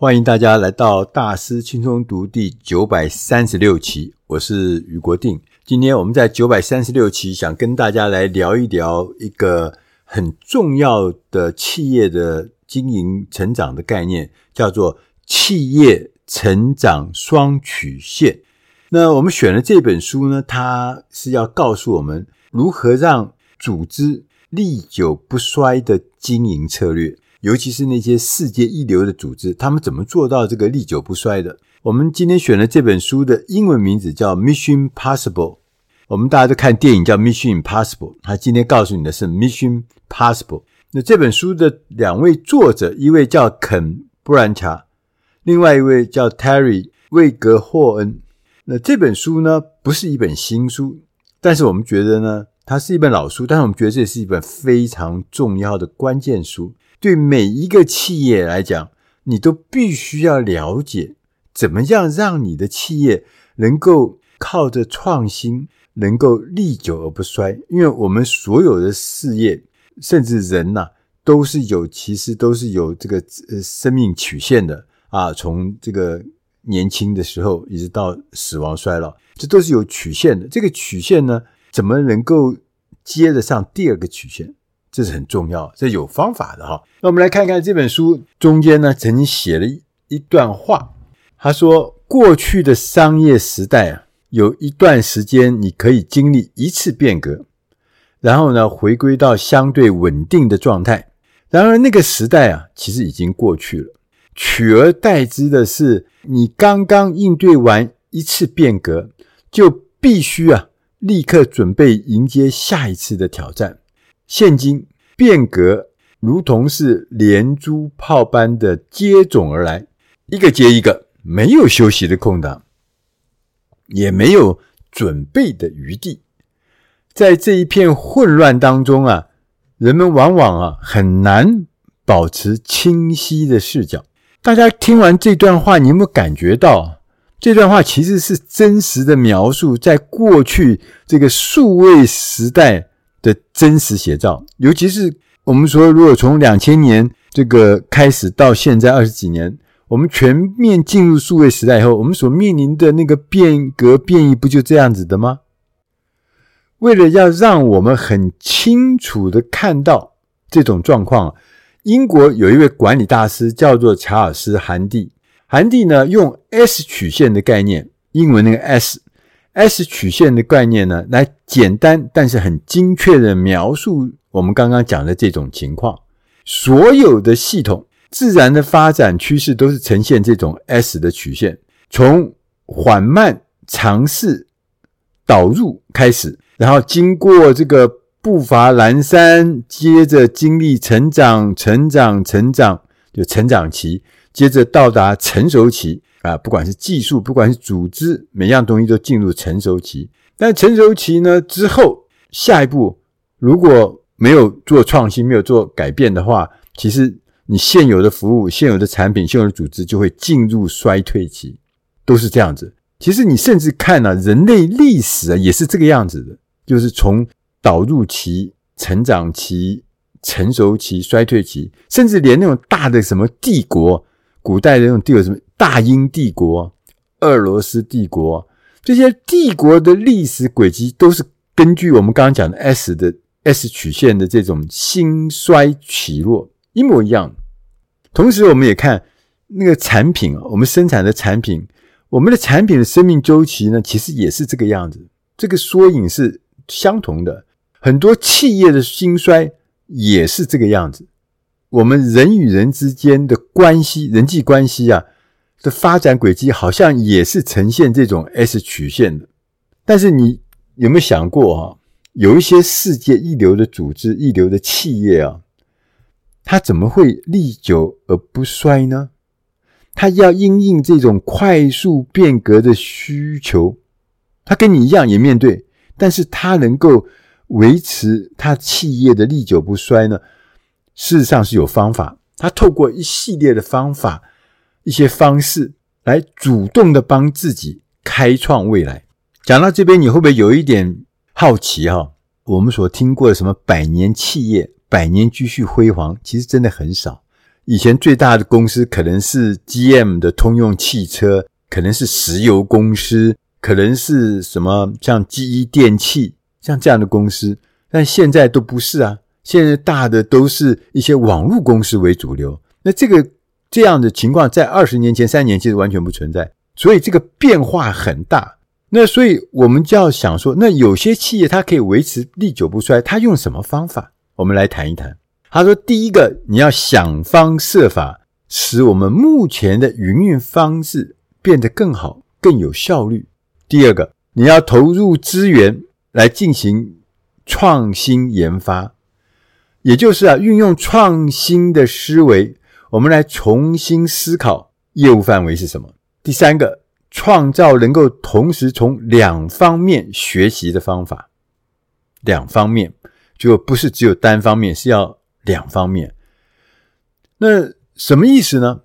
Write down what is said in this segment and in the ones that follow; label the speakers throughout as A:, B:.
A: 歡迎大家來到大師輕鬆讀第九百三十六期，我是俞國定。今天我們在九百三十六期想跟大家來聊一聊一個很重要的企業的經營成長的概念，叫做企業成長雙曲線。那我們選了這本書呢，它是要告訴我們如何讓組織歷久不衰的經營策略。尤其是那些世界一流的組織，他們怎麼做到這個歷久不衰的？我們今天選了這本書的英文名字叫《Mission Possible》。我們大家都看電影叫《Mission Impossible》，他今天告訴你的是《Mission Possible》。那這本書的兩位作者，一位叫肯·布蘭查，另外一位叫 Terry 魏格霍恩。那這本書呢，不是一本新書，但是我們覺得呢，它是一本老書，但是我們覺得這也是一本非常重要的關鍵書。對每一個企業來講，你都必須要了解怎麼樣讓你的企業能夠靠着創新能夠歷久而不衰。因為我們所有的事業，甚至人吶、啊，都是有其實都是有這個呃生命曲線的啊，從這個年輕的時候一直到死亡衰老，這都是有曲線的。這個曲線呢，怎麼能夠接得上第二個曲線？這是很重要，這有方法的哈。那我們來看看這本書中間呢，曾經寫了一段話。他說：“過去的商業時代啊，有一段時間你可以經歷一次變革，然後呢，回歸到相對穩定的狀態。然而那個時代啊，其實已經過去了。取而代之的是，你剛剛應對完一次變革，就必須啊立刻準備迎接下一次的挑戰。”現今變革如同是連珠炮般的接踵而來，一個接一個，沒有休息的空檔，也沒有準備的餘地。在這一片混亂當中啊，人們往往啊很難保持清晰的視角。大家聽完這段話，你有沒有感覺到，這段話其實是真實的描述，在過去這個數位時代。的真實寫照，尤其是我們說，如果從兩千年這個開始到現在二十幾年，我們全面進入數位時代以後，我們所面臨的那個變革變異不就這樣子的嗎？為了要讓我們很清楚的看到這種狀況，英國有一位管理大師叫做查爾斯·韓蒂，韓蒂呢用 S 曲線的概念，英文那個 S。S, S 曲線的概念呢，來簡單但是很精確的描述我們剛剛講的這種情況。所有的系統自然的發展趨勢都是呈現這種 S 的曲線，從緩慢嘗試導入開始，然後經過這個步伐蹣跚，接着經歷成長、成長、成長，就成長期，接着到達成熟期。啊，不管是技術，不管是組織，每樣東西都進入成熟期。但成熟期呢，之後，下一步如果沒有做創新，沒有做改變的話，其實你現有的服務、現有的產品、現有的組織就會進入衰退期，都是這樣子。其實你甚至看啊，人類歷史啊，也是這個樣子的，就是從導入期、成長期、成熟期、衰退期，甚至連那種大的什麼帝國。古代的那種帝國，什麼大英帝國、俄羅斯帝國，這些帝國的歷史軌跡都是根據我們剛剛講的 S 的 S 曲線的這種興衰起落一模一樣。同時，我們也看那個產品，我們生產的產品，我們的產品的生命周期呢，其實也是這個樣子，這個縮影是相同的。很多企業的興衰也是這個樣子。我們人與人之間的關係、人際關係啊的發展軌跡，好像也是呈現這種 S 曲線的。但是你有沒有想過啊？有一些世界一流的組織、一流的企業啊，它怎麼會歷久而不衰呢？它要因應這種快速變革的需求，它跟你一樣也面對，但是它能夠維持它企業的歷久不衰呢？事實上是有方法，他透過一系列的方法、一些方式來主動的幫自己開創未來。講到這邊，你會不會有一點好奇、哦？哈，我們所聽過的什麼百年企業、百年繼續輝煌，其實真的很少。以前最大的公司可能是 GM 的通用汽車，可能是石油公司，可能是什麼像 GE 電器，像這樣的公司，但現在都不是啊。現在大的都是一些網絡公司為主流，那這個這樣的情況在二十年前、三年前其實完全不存在，所以這個變化很大。那所以我們就要想說，那有些企業它可以維持歷久不衰，它用什麼方法？我們來談一談。他說：第一個，你要想方設法使我們目前的營運方式變得更好、更有效率；第二個，你要投入資源來進行創新研發。也就是啊，運用創新的思維，我們來重新思考業務範圍是什麼。第三個，創造能夠同時從兩方面學習的方法，兩方面就不是只有單方面，是要兩方面。那什麼意思呢？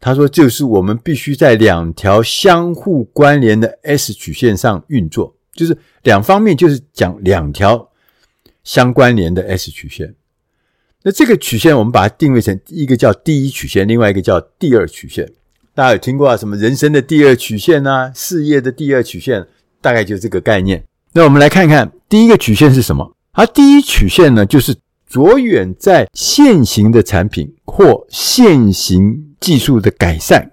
A: 他說，就是我們必須在兩條相互關聯的 S 曲線上運作，就是兩方面，就是講兩條。相關聯的 S 曲線，那這個曲線我們把它定位成一個叫第一曲線，另外一個叫第二曲線。大家有聽過啊？什麼人生的第二曲線吶、啊，事業的第二曲線，大概就是這個概念。那我們來看看第一個曲線是什麼？啊，第一曲線呢，就是着眼在現行的產品或現行技術的改善，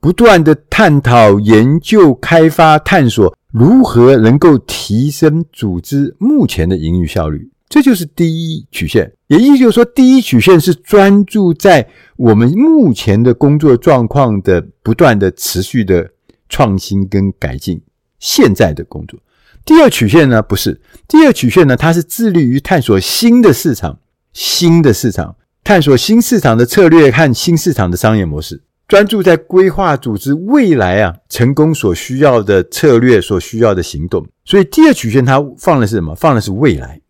A: 不斷的探討、研究、開發、探索。如何能夠提升組織目前的營運效率？這就是第一曲線，也意思就是說，第一曲線是專注在我們目前的工作狀況的不斷的持續的創新跟改進，現在的工作。第二曲線呢，不是。第二曲線呢，它是致力於探索新的市場，新的市場，探索新市場的策略和新市場的商業模式。專注在規劃組織未來啊，成功所需要的策略，所需要的行動。所以第二曲線它放的是什麼？放的是未來。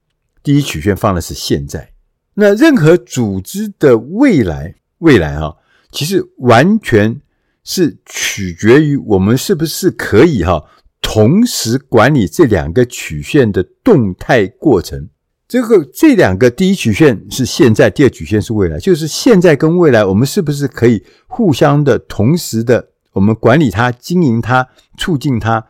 A: 第一曲線放的是現在。那任何組織的未來，未來哈、啊，其實完全是取決於我們是不是可以哈、啊，同時管理這兩個曲線的動態過程。這個這兩個，第一曲線是現在，第二曲線是未來，就是現在跟未來，我們是不是可以？互相的，同時的，我們管理它、經營它、促進它。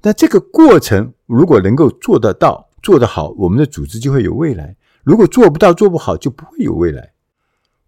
A: 那這個過程如果能夠做得到、做得好，我們的組織就會有未來；如果做不到、做不好，就不會有未來。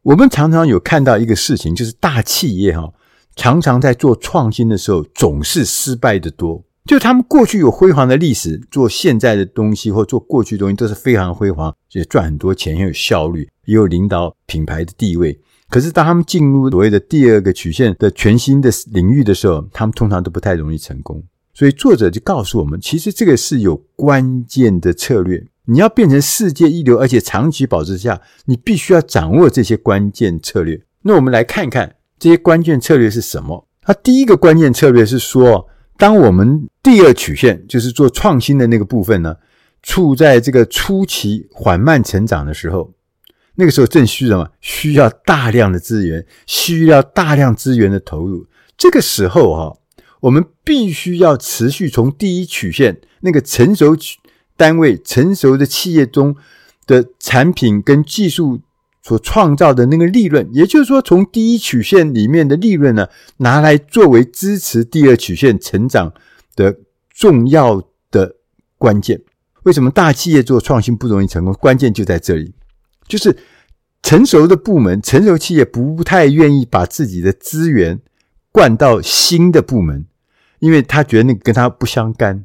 A: 我們常常有看到一個事情，就是大企業哈，常常在做創新的時候總是失敗的多。就他們過去有輝煌的歷史，做現在的東西或做過去的東西都是非常輝煌，也賺很多錢，又有效率，也有領導品牌的地位。可是，當他們進入所謂的第二個曲線的全新的領域的時候，他們通常都不太容易成功。所以，作者就告訴我們，其實這個是有關鍵的策略。你要變成世界一流，而且長期保持下，你必須要掌握這些關鍵策略。那我們來看看這些關鍵策略是什麼？它第一個關鍵策略是說，當我們第二曲線，就是做創新的那個部分呢，處在這個初期緩慢成長的時候。那個時候正需要什麼？需要大量的資源，需要大量資源的投入。這個時候啊、哦，我們必須要持續從第一曲線那個成熟單位、成熟的企業中的產品跟技術所創造的那個利潤，也就是說，從第一曲線裡面的利潤呢，拿來作為支持第二曲線成長的重要的關鍵。為什麼大企業做創新不容易成功？關鍵就在這裡，就是。成熟的部門、成熟企業不太願意把自己的資源灌到新的部門，因為他覺得那個跟他不相干，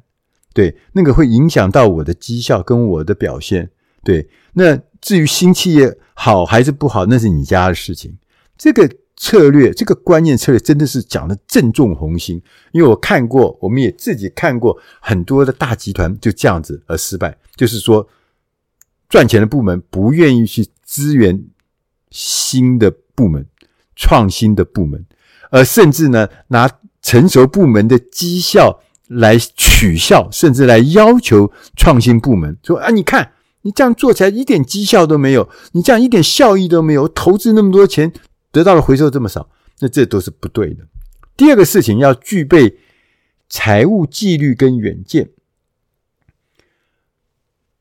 A: 對，那個會影響到我的績效跟我的表現，對。那至於新企業好還是不好，那是你家的事情。這個策略，這個觀念策略，真的是講的正中紅心，因為我看過，我們也自己看過很多的大集團就這樣子而失敗，就是說賺錢的部門不願意去。資源新的部門、創新的部門，而甚至呢，拿成熟部門的績效來取笑，甚至來要求創新部門說：“啊，你看你這樣做起來一點績效都沒有，你這樣一點效益都沒有，投資那麼多錢，得到的回收這麼少，那這都是不對的。”第二個事情要具備財務紀律跟遠見，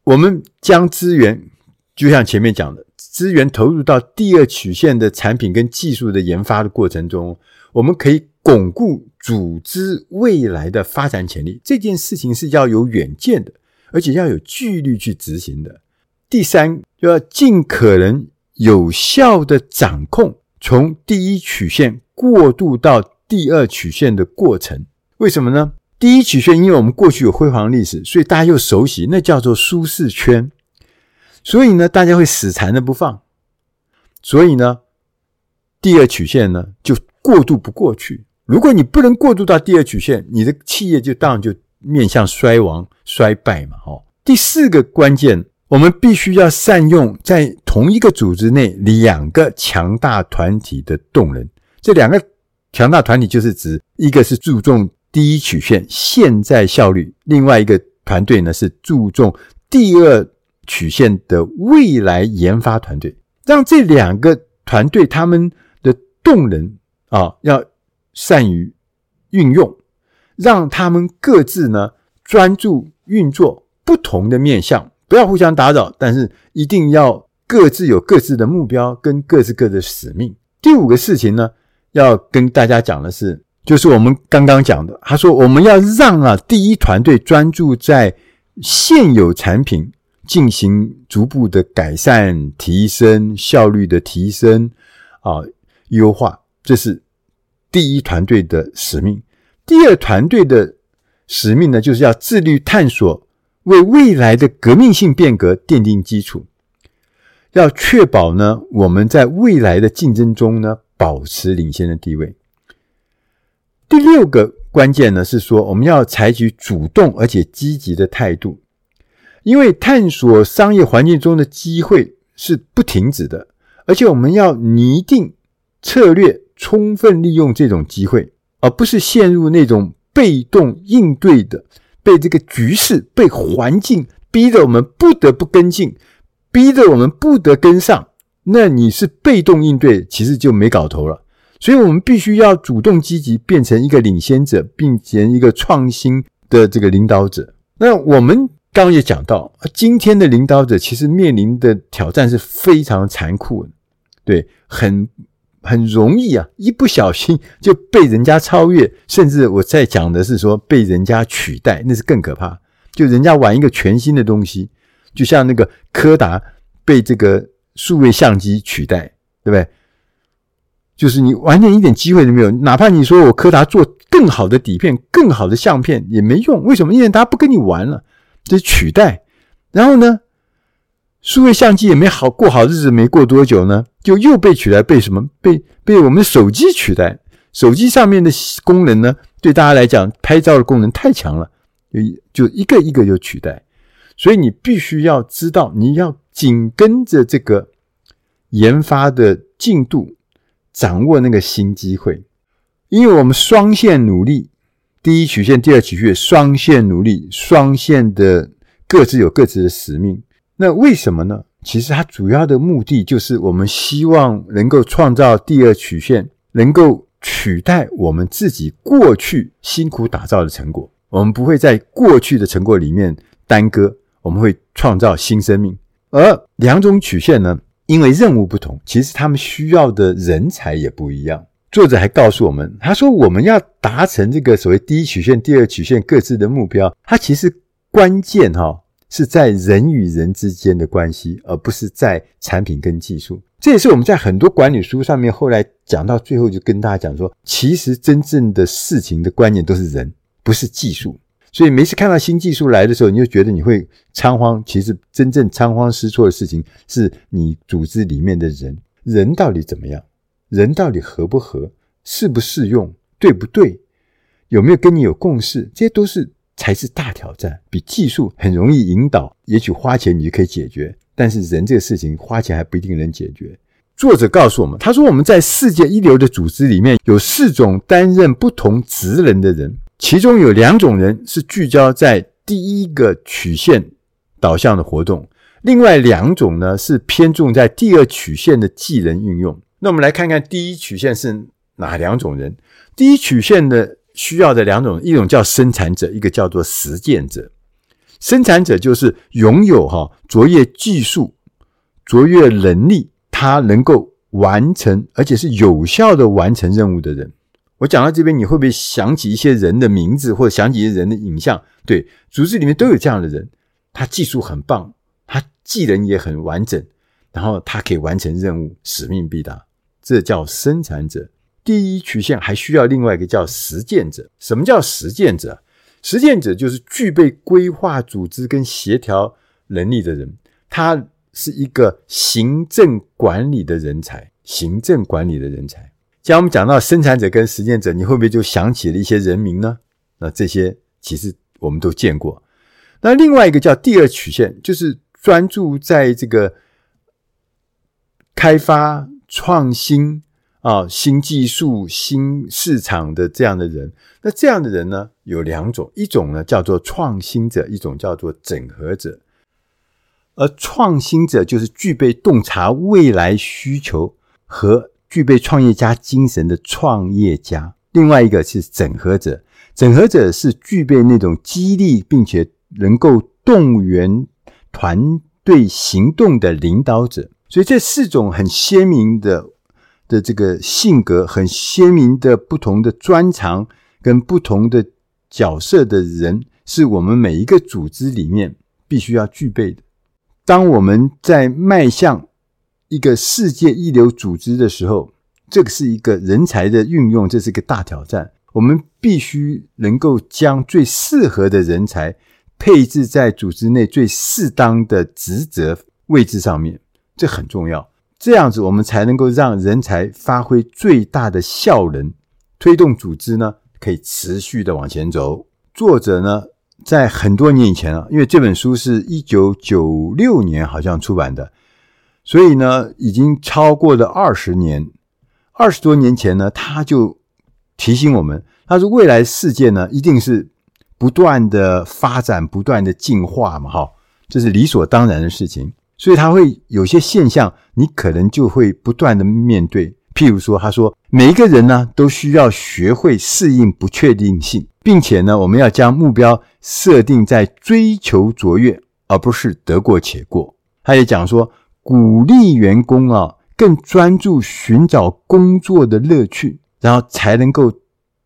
A: 我們將資源就像前面講的。資源投入到第二曲線的產品跟技術的研發的過程中，我們可以鞏固組織未來的發展潛力。這件事情是要有遠見的，而且要有紀律去執行的。第三，就要盡可能有效地掌控從第一曲線過渡到第二曲線的過程。為什麼呢？第一曲線，因為我們過去有輝煌歷史，所以大家又熟悉，那叫做舒適圈。所以呢，大家會死纏着不放，所以呢，第二曲線呢就過渡不過去。如果你不能過渡到第二曲線，你的企業就當然就面向衰亡、衰敗嘛。哦，第四個關鍵，我們必須要善用在同一個組織內兩個強大團體的動能。這兩個強大團體就是指，一個是注重第一曲線現在效率，另外一個團隊呢是注重第二。曲線的未來研发团隊，讓這兩個團隊他們的動能啊，要善於運用，讓他們各自呢專注運作不同的面向，不要互相打擾，但是一定要各自有各自的目標跟各自各自的使命。第五個事情呢，要跟大家講的是，就是我們剛剛講的，他說我們要讓啊第一团隊專注在現有產品。進行逐步的改善，提升、效率的提升啊，呃，優化，這是第一團隊的使命。第二團隊的使命呢，就是要致力探索，為未來的革命性變革奠定基礎，要確保呢我們在未來的競爭中呢保持領先的地位。第六個關鍵呢，是說我們要採取主動而且積極的態度。因為探索商業環境中的機會是不停止的，而且我們要擬定策略，充分利用這種機會，而不是陷入那種被動應對的，被這個局勢、被環境逼得我們不得不跟進，逼得我們不得跟上。那你是被動應對，其實就沒搞頭了。所以，我們必須要主動積極，變成一個領先者，並且一個創新的這個領導者。那我們。剛剛也講到，今天的領導者其實面臨的挑戰是非常殘酷的，對，很很容易啊，一不小心就被人家超越，甚至我在講的是說被人家取代，那是更可怕。就人家玩一個全新的東西，就像那個柯達被這個數位相機取代，對不對？就是你完全一點機會都沒有，哪怕你說我柯達做更好的底片，更好的相片也沒用，為什麼？因為他不跟你玩了。的取代，然後呢，數位相機也沒好過好日子，沒過多久呢，就又被取代，被什麼？被被我們手機取代。手機上面的功能呢，對大家來講，拍照的功能太強了，就就一個一個就取代。所以你必須要知道，你要緊跟着這個研發的進度，掌握那個新機會，因為我們雙線努力。第一曲線、第二曲線，雙線努力，雙線的各自有各自的使命。那為什麼呢？其實它主要的目的就是，我們希望能夠創造第二曲線，能夠取代我們自己過去辛苦打造的成果。我們不會在過去的成果裡面耽擱，我們會創造新生命。而兩種曲線呢，因為任務不同，其實他們需要的人才也不一樣。作者還告訴我們，他說我們要達成這個所謂第一曲線、第二曲線各自的目標，它其實關鍵哈是在人與人之間的關係，而不是在產品跟技術。這也是我們在很多管理書上面後來講到最後，就跟大家講說，其實真正的事情的觀念都是人，不是技術。所以每次看到新技術來的時候，你就覺得你會倉皇。其實真正倉皇失措的事情是你組織裡面的人，人到底怎麼樣？人到底合不合、適不適用、對不對、有沒有跟你有共識，這些都是才是大挑戰。比技術很容易引導，也許花錢你就可以解決，但是人這個事情花錢還不一定能解決。作者告訴我們，他說我們在世界一流的組織裡面有四種擔任不同職能的人，其中有兩種人是聚焦在第一個曲線導向的活動，另外兩種呢是偏重在第二曲線的技能運用。那我們來看看第一曲線是哪兩種人？第一曲線的需要的兩種，一種叫生產者，一個叫做實踐者。生產者就是擁有哈卓越技術、卓越能力，他能夠完成而且是有效的完成任務的人。我講到這邊，你會不會想起一些人的名字，或者想起一些人的影像？對，組織裡面都有這樣的人，他技術很棒，他技能也很完整，然後他可以完成任務，使命必達。這叫生產者，第一曲線，還需要另外一個叫實踐者。什麼叫實踐者？實踐者就是具備規劃、組織跟協調能力的人，他是一個行政管理的人才。行政管理的人才，像我們講到生產者跟實踐者，你會不會就想起了一些人名呢？那這些其實我們都見過。那另外一個叫第二曲線，就是專注在這個開發。創新啊、哦，新技術、新市場的這樣的人，那這樣的人呢，有兩種，一種呢叫做創新者，一種叫做整合者。而創新者就是具備洞察未來需求和具備創業家精神的創業家。另外一個是整合者，整合者是具備那種激勵並且能夠動員團隊行動的領導者。所以這四種很鮮明的的這個性格，很鮮明的不同的專長跟不同的角色的人，是我們每一個組織裡面必須要具備的。當我們在邁向一個世界一流組織的時候，這個是一個人才的運用，這是一個大挑戰。我們必須能夠將最適合的人才配置在組織內最適當的職責位置上面。這很重要，這樣子我們才能夠讓人才發揮最大的效能，推動組織呢可以持續的往前走。作者呢在很多年以前啊，因為這本書是一九九六年好像出版的，所以呢已經超過了二十年，二十多年前呢他就提醒我們，他說未來世界呢一定是不斷的發展、不斷的進化嘛，哈，這是理所當然的事情。所以他會有些現象，你可能就會不斷的面對。譬如說，他說每一個人呢、啊、都需要學會適應不確定性，並且呢，我們要將目標設定在追求卓越，而不是得過且過。他也講說，鼓勵員工啊更專注尋找工作的樂趣，然後才能夠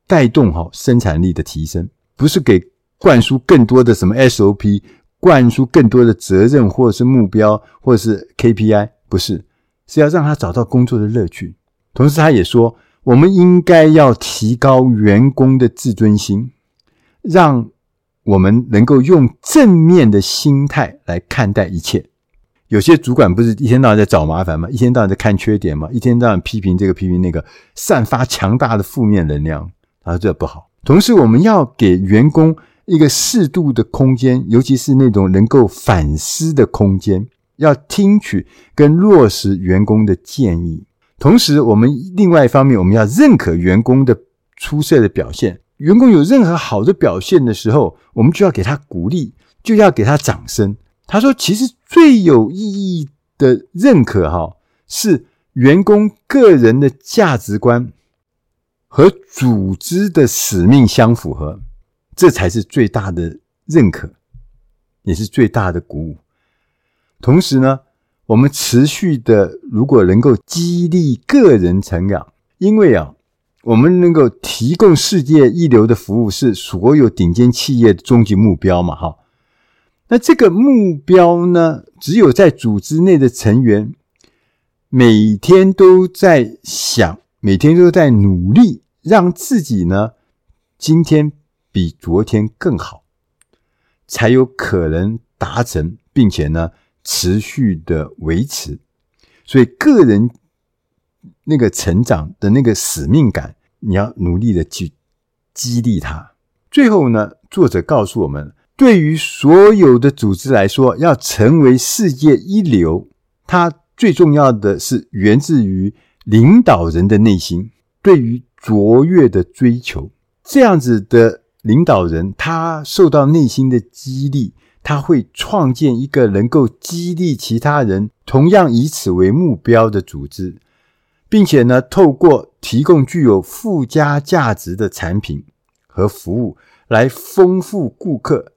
A: 帶動好、啊、生產力的提升，不是給灌輸更多的什麼 SOP。灌輸更多的責任，或者是目標，或者是 KPI，不是，是要讓他找到工作的樂趣。同時，他也說，我們應該要提高員工的自尊心，讓我們能夠用正面的心態來看待一切。有些主管不是一天到晚在找麻煩嗎？一天到晚在看缺點嗎？一天到晚批評這個批評那個，散發強大的負面能量，他說這不好。同時，我們要給員工。一個適度的空間，尤其是那種能夠反思的空間，要聽取跟落實員工的建議。同時，我們另外一方面，我們要認可員工的出色的表現。員工有任何好的表現的時候，我們就要給他鼓勵，就要給他掌聲。他說：“其實最有意義的認可，哈，是員工個人的價值觀和組織的使命相符合。”這才是最大的認可，也是最大的鼓舞。同時呢，我們持續的，如果能夠激勵個人成長，因為啊，我們能夠提供世界一流的服務，是所有頂尖企業的終極目標嘛，哈，那這個目標呢，只有在組織內的成員每天都在想，每天都在努力，讓自己呢，今天。比昨天更好，才有可能達成，並且呢，持續的維持。所以，個人那個成長的那個使命感，你要努力的去激勵他。最後呢，作者告訴我們，對於所有的組織來說，要成為世界一流，它最重要的是源自於領導人的內心，對於卓越的追求，這樣子的。領導人他受到內心的激勵，他會創建一個能夠激勵其他人同樣以此為目標的組織，並且呢，透過提供具有附加價值的產品和服務來豐富顧客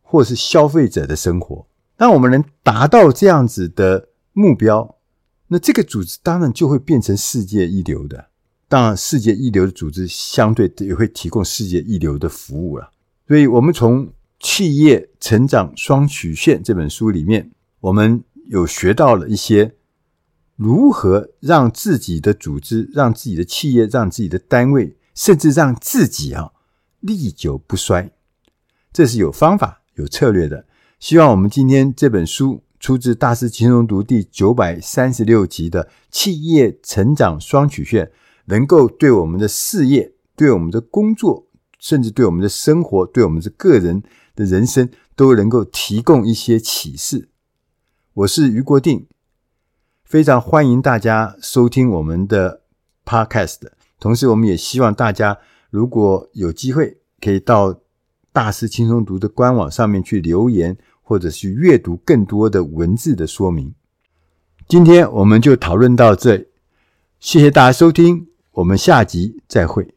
A: 或是消費者的生活。當我們能達到這樣子的目標，那這個組織當然就會變成世界一流的。當然，世界一流的組織相對也會提供世界一流的服務了、啊。所以，我們從《企業成長雙曲線》這本書裡面，我們有學到了一些如何讓自己的組織、讓自己的企業、讓自己的單位，甚至讓自己啊歷久不衰。這是有方法、有策略的。希望我們今天這本書出自《大師輕鬆讀》第九百三十六集的《企業成長雙曲線》，能夠對我們的事業、對我們的工作，甚至對我們的生活、對我們的個人的人生，都能夠提供一些啟示。我是於國定，非常歡迎大家收聽我們的 Podcast。同時，我們也希望大家如果有機會，可以到大師輕鬆讀的官網上面去留言，或者去閱讀更多的文字的說明。今天我們就討論到這裡，謝謝大家收聽。我們下集再會。